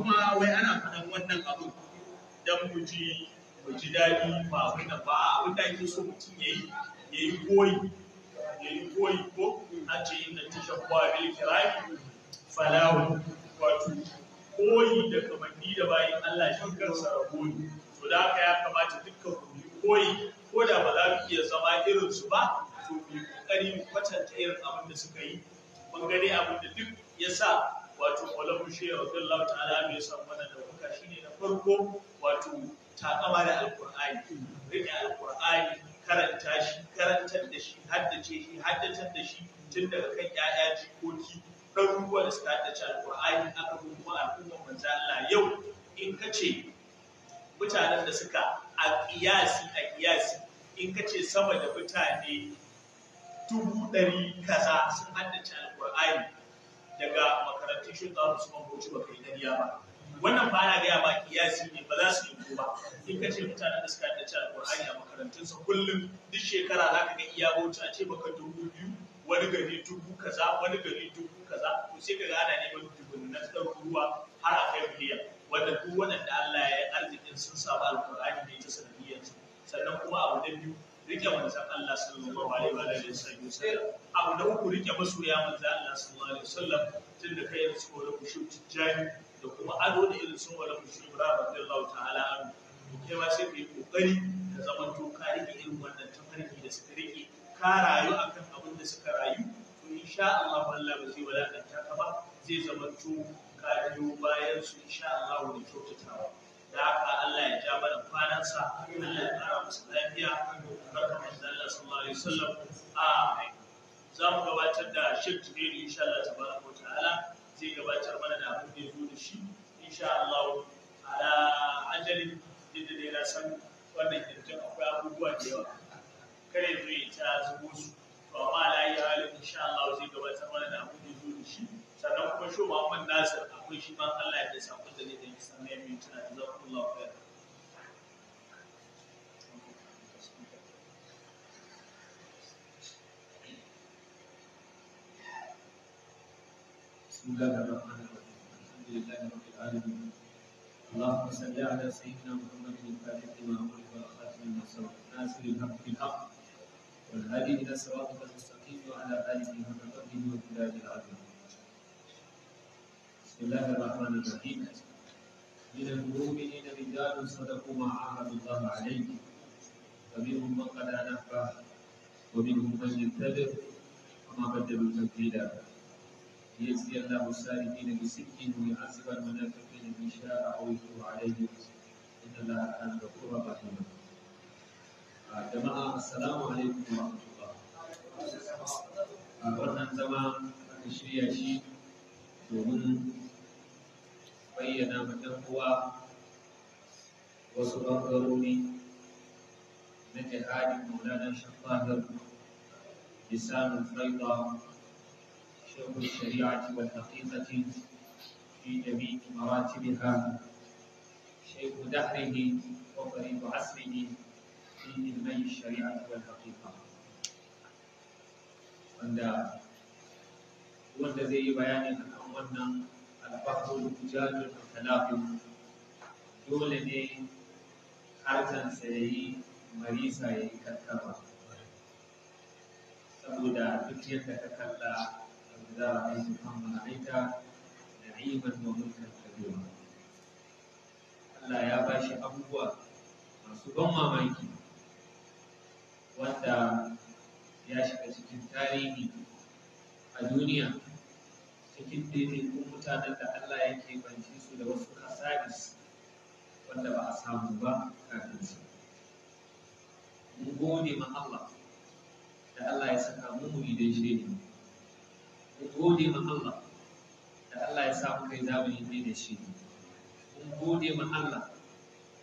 kuma wai ana faɗan wannan abu don mu ji mu ji daɗi ba abin nan ba abin da ake so mutum ya yi ya yi koyi ya yi koyi ko an ce yin tisha kuwa bil kirai falawu wato koyi da kamanni da bayan Allah shi kansa rabo ne to da haka ya kamata dukkan mu koyi ko da ba za mu iya zama irin su ba to mu yi kokari mu kwatanta irin abin da suka yi mun gani abin da duk ya sa wato walamu shi radiyallahu ta'ala mai son mana da kuka shine na farko wato takama da alqur'ani rike alqur'ani karanta shi karantar da shi haddace shi haddatar da shi tun daga kan yaya jikoki ruwa da suka haddace alqur'ani aka kuma al'ummar manzo yau in ka mutanen da suka a kiyasi a kiyasi in kace sama da mutane dubu ɗari kaza sun haddace alqur'ani daga makarantun shugaba su man ba ka yi dariya ba wannan fara gaya ba kiyasi ne ba za su yi ba in ka ce mutane da suka da ci alƙur'ani a makarantunsa kullum duk shekara za ka ga iya bauchi a ce baka dubu biyu wani gari dubu kaza wani gari dubu kaza to sai ka ga ana neman dubun na ruwa har a kai miliyan wanda duk waɗanda Allah ya yi arzikin sun samu alƙur'ani ne ta sanadiyyarsa sannan kuma abu na biyu rike wanzan Allah sallallahu alaihi wa alihi wasallam sai abu da ku rike masoya manzan Allah sallallahu alaihi tun da kai su wala ku shi tijani da kuma ado da irin sun wala ku shi rabbi ta'ala an ku kai ma sai ku kokari ka zaman to ka rike irin wannan tafarki da suka rike ka rayu akan abin da suka rayu to insha Allah Allah ba zai walakanta ka ba zai zaman to ka biyo bayan su insha Allah da kyautatawa da haka Allah ya ja mana kwanansa Allah ya ƙara musu lafiya barka manzala sallallahu za mu gabatar da shek tubiri insha Allah tabaraka wa ta'ala zai gabatar mana da abin da ya zo da shi insha Allah na san wannan kirkin akwai abubuwa da yawa ta zubo to amma ala insha Allah zai gabatar mana da abin da ya zo da shi sannan kuma shu Muhammad Nasir akwai shi ban Allah ya da sakon da ne mintuna بسم الله الرحمن الرحيم الحمد لله رب العالمين اللهم صل على سيدنا محمد الفاتح لما أمر والخاتم لما سبق ناصر الحق بالحق والهادي إلى صراطك المستقيم وعلى آله حق قدره وبلاد العظيم بسم الله الرحمن الرحيم من المؤمنين رجال صدقوا ما عاهدوا الله عليه فمنهم من قد نحبه ومنهم من ينتظر وما بدلوا تبديلا ليجزي الله السالكين بصدقهم ويعذب المنافقين ان شاء او يتوب عليهم ان الله كان غفورا رحيما. آه، جماعه السلام عليكم ورحمه الله. wannan zama aka shirya shi domin bayyana ma ɗan uwa wasu ɓangarori na jihadin maulana shafahar lisanin تحكم الشريعة والحقيقة في جميع مراتبها شيخ دهره وقريب عصره في علمي الشريعة والحقيقة عند وانت زي بياني تحولنا البحر الرجال المتلاقى دول دي حرجن سيئي مريسا يكتبه سبودا تكيان تكتبه إذا رأيت الحمد رأيت نعيما وملكا كبيرا Allah ya ba shi abubuwa masu ban mamaki wanda ya shiga cikin tarihi a duniya cikin daidaikun mutanen da Allah ya keɓance su da wasu kasadis wanda ba a samu ba kafin su. Mun gode ma Allah da Allah ya saka mu muridan shi ne. gode ma Allah da Allah ya sa muka yi zamani ne da shi mun gode ma Allah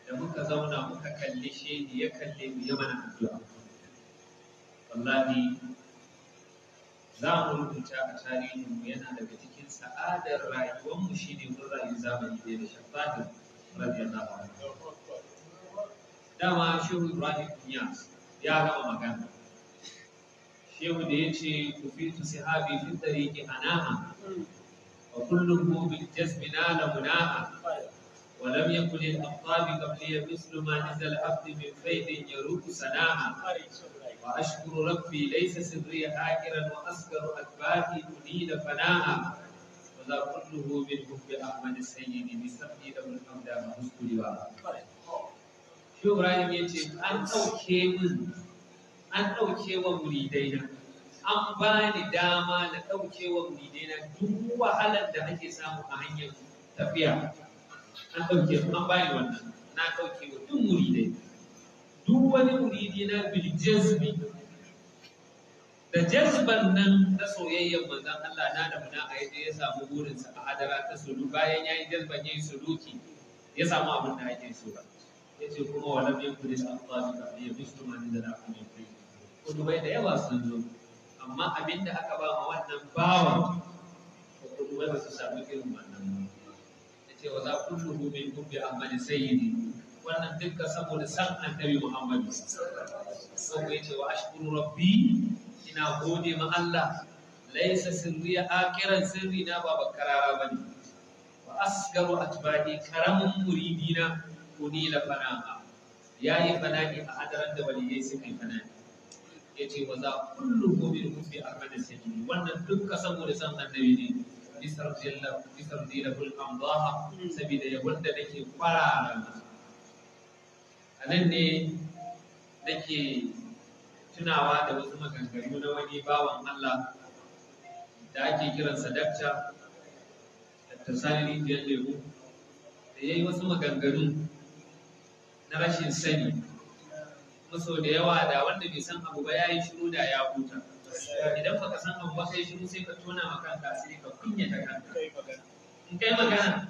da muka zauna muka kalli shi ya kalle mu ya mana addu'a wallahi za mu rubuta a tarihin mu yana daga cikin sa'adar rayuwar shi ne mun rayu zamani ne da shafatin radiyallahu anhu dama shehu ibrahim kunyas ya gama magana shehu da ya ce tufitu sihabi fi tariki anaha wa kulluhu bil jazbi nala munaha ولم يكن للأقطاب قبلي مثل ما نزل العبد من فيد يروق سناها وأشكر ربي ليس سري حاكرا وأسكر أكباتي أنيل فناها وذا كله من حب أحمد السيد بسبب له الحمد وحسن لواء شو إبراهيم يجب أن أوكي من an ɗauke wa muridaina na an ba ni dama na ɗauke wa muridai duk wahalar da ake samu a hanyar tafiya an ɗauke an ba ni wannan na ɗauke wa duk muridai duk wani muridi na bil jazbi da jazban nan na soyayyar manzon Allah na da muna a yadda ya samu burinsa a hadara ta sulu bayan ya yi jazban ya yi suluki ya samu abin da ake so ba ya ce kuma wa lam yakun lil aqwa bi ya bistu man da na kuma kudubai da yawa sun zo amma abin da aka ba wannan bawan ko kudubai ba su samu irin wannan ba ce wa za kullu min kubbi amali sayyidi wannan dukka saboda san annabi muhammadu. sai ya ce wa ashkuru rabbi ina gode ma Allah laisa sirriya akiran sirri na ba bakarara ne. wa asgaru atbadi karamin muridina Unila fana'a yayi fana'i a adaran da waliyai suka yi fana'i ya ce wa za kullu gobe da fi a wannan duka saboda san annabi ne bisar jalla bisar dila kul amdaha saboda yabon da nake kwarara a nan ne nake tunawa da wasu maganganu na wani bawan Allah da ake kiran dakta dakta sani rijiyar da ya yi wasu maganganu na rashin sani kuma sau da yawa da wanda bai san abu ba ya yi shiru da ya huta idan ba ka san abu ba kai shiru sai ka tona ma kanka sai ka kunyata kanka in kai magana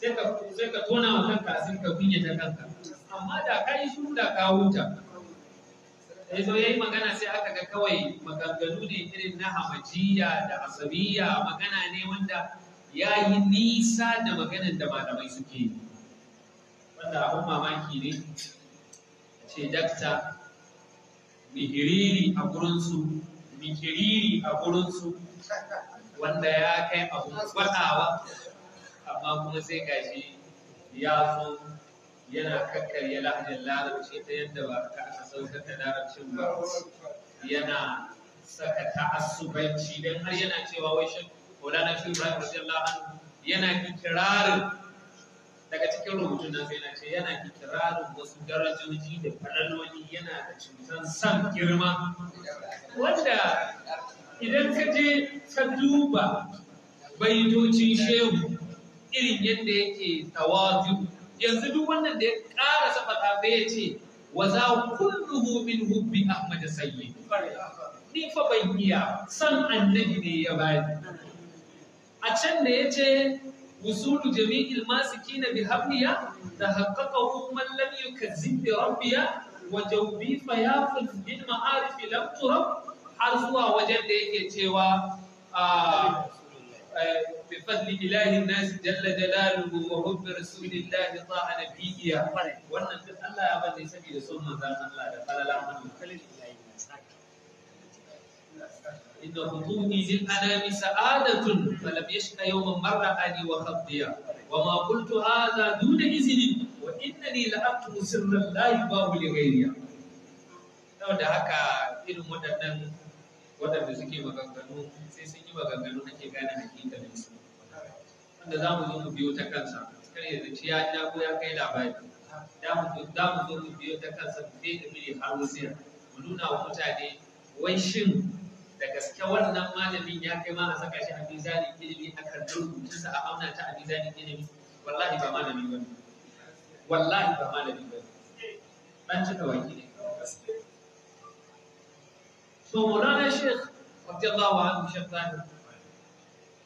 sai ka sai ka tona ma kanka sai ka kunyata kanka amma da ka yi shiru da ka huta sai zo yayi magana sai aka ga kawai maganganu ne irin na hamajiya da asabiya magana ne wanda ya yi nisa da maganar da malamai suke yi wanda abin mamaki ne ce dakta mikiriri a gurinsu a gurinsu wanda ya kai abun faɗawa amma kuma sai gashi ya zo yana kakkarya lahajin larabci ta yadda ba ka aka saukar da larabcin ba yana saka ta'assubanci don har yana cewa wai shi na shi ibrahim radiyallahu yana ikirarin daga cikin rubutu na sai na ce yana kirarin wasu darajoji da falaloli yana da cutar san girma wanda idan ka je ka duba baitocin shehu irin yadda yake tawazu yanzu duk wannan da ya ƙara safata sai ya ce wa za kulluhu min hubbi ahmad sayyid ni fa ban iya san annabi ne ya bani a can da ya ce وصول جميع الماسكين بحبلها تحققه من لم يكذب بربها وجوبي فيافز بالمعارف لم ترب har zuwa wajen da yake cewa بفضل إله الناس جل جلاله وحب رسول الله طاعة نبيه wannan duk Allah ya bani saboda sunnan zan Allah da falalan Allah إن خطوه للأنام سعادة فلم يشك يوما مر أني وخطيا وما قلت izini, دون إذن وإنني لأكتم سرا لا يباه لغيري لو da haka irin مدنن waɗanda suke maganganu sai sun yi maganganu ake gane hakikalin su wanda za mu zo mu biyo ta kansa kar ya zaci ya ina ko ya kai labari za mu zo mu biyo ta kansa mu kai da miri har mu nuna wa mutane wai shin da gaske wannan malamin ya kai ma a saka shi a mizani ilimi a kan rubutunsa a auna ta a mizani ilimi wallahi ba malami ba wallahi ba malami ba ɗan cika waki ne so mulana sheikh radiyallahu anhu sheikh zahir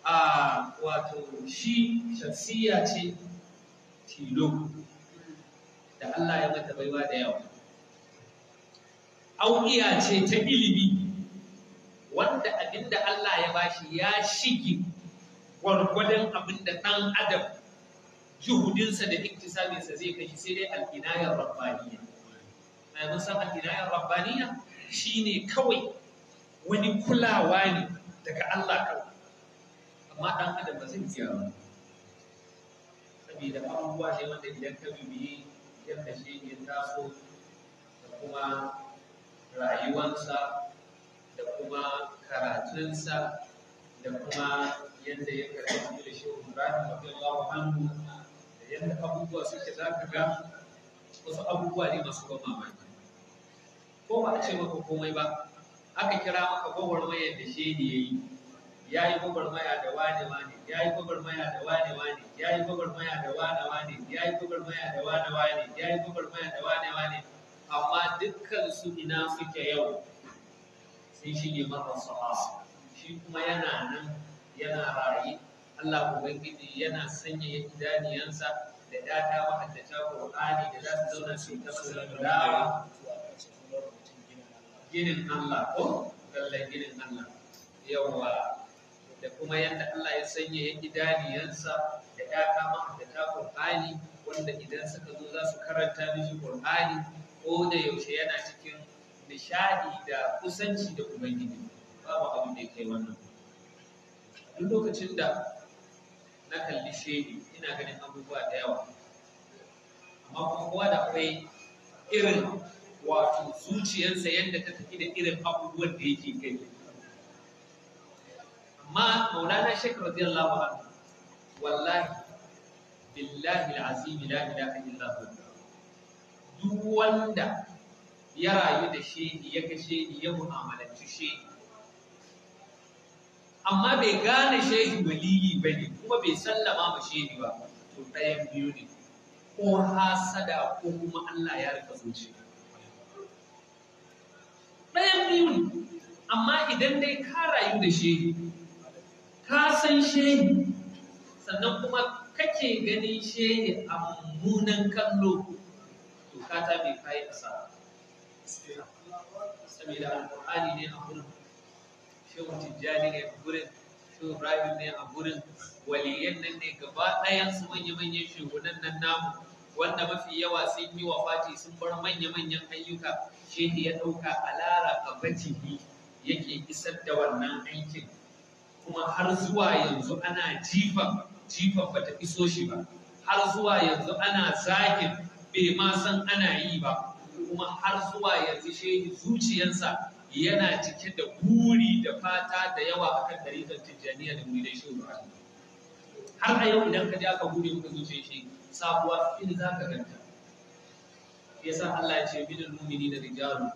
a wato shi shafsiya ce tilo da Allah ya mata baiwa da yawa auniya ce ta ilimi Abin da Allah ya bashi ya shige gwargwadon abinda ɗan adam juhudinsa da iktisabinsa zai kashi sai dai al'inayar rabbaniya na mun san al'inayar rabbaniya shine kawai wani kulawa ne daga Allah kawai amma ɗan adam ba zai iya ba Sabida abubuwa ne wanda idan ka bibiyi idan ka ya taso da kuma rayuwansa da kuma karatunsa da kuma yadda ya karatu da shehu Ibrahim radiyallahu da yadda abubuwa suke za ka ga wasu abubuwa ne masu ban mamaki ko ba a ce maka komai ba aka kira maka gwagwarmayar da shi ne ya yi ya yi gwagwarmaya da wane wane ya yi gwagwarmaya da wane wane ya yi gwagwarmaya da wane wane ya yi gwagwarmaya da wane wane ya yi gwagwarmaya da wane wane amma dukkan su ina suke yau sun shige masa sahaba shi kuma yana nan yana raye Allah ubangiji yana sanya idaniyansa da data mahaddata Qur'ani da za su zauna su ta sallama ginin Allah ko kallon ginin Allah yawa da kuma yadda Allah ya sanya idaniyansa da data mahaddata Qur'ani wanda idan suka zo za su karanta miji Qur'ani ko da yaushe yana cikin nishadi da kusanci da ubangiji babu abin da kai wannan duk lokacin da na kalli shehi ina ganin abubuwa da yawa amma kuma da akwai irin wato zuciyarsa yadda ta tafi da irin abubuwan da yake gani amma maulana shekar radiyallahu anhu wallahi billahi alazim la ilaha illa hu duk wanda ya rayu da shehi ya kashe shehi ya mu'amalanci shehi amma bai gane shehi waliyi ba ne kuma bai sallama ma shehi ba to ɗayan biyu ne ko hasada ko kuma Allah ya rika zuci ɗayan biyu ne amma idan dai ka rayu da shehi ka san shehi sannan kuma kake ganin shehi a munan kallo to ka tabi kayi asara saboda alƙur'ani ne a gurin shehu tijjani ne a gurin shehu ibrahim ne a gurin waliyan nan ne gaba ɗayan su manya-manyan shugunan nan namu wanda mafi yawa sun yi wa Fati sun bar manya-manyan ayyuka shehu ya ɗauka a lara a bajihi yake isar da wannan aikin kuma har zuwa yanzu ana jifan jifan bata iso shi ba har zuwa yanzu ana zagin bai ma san ana yi ba kuma har zuwa ya shehi zuciyarsa yana cike da buri da fata da yawa akan dariƙar tijjaniya da muridai shehu har a yau idan ka je aka bude ka zuce shi sabuwa in za ka ganta yasa Allah ya ce numini da rijalun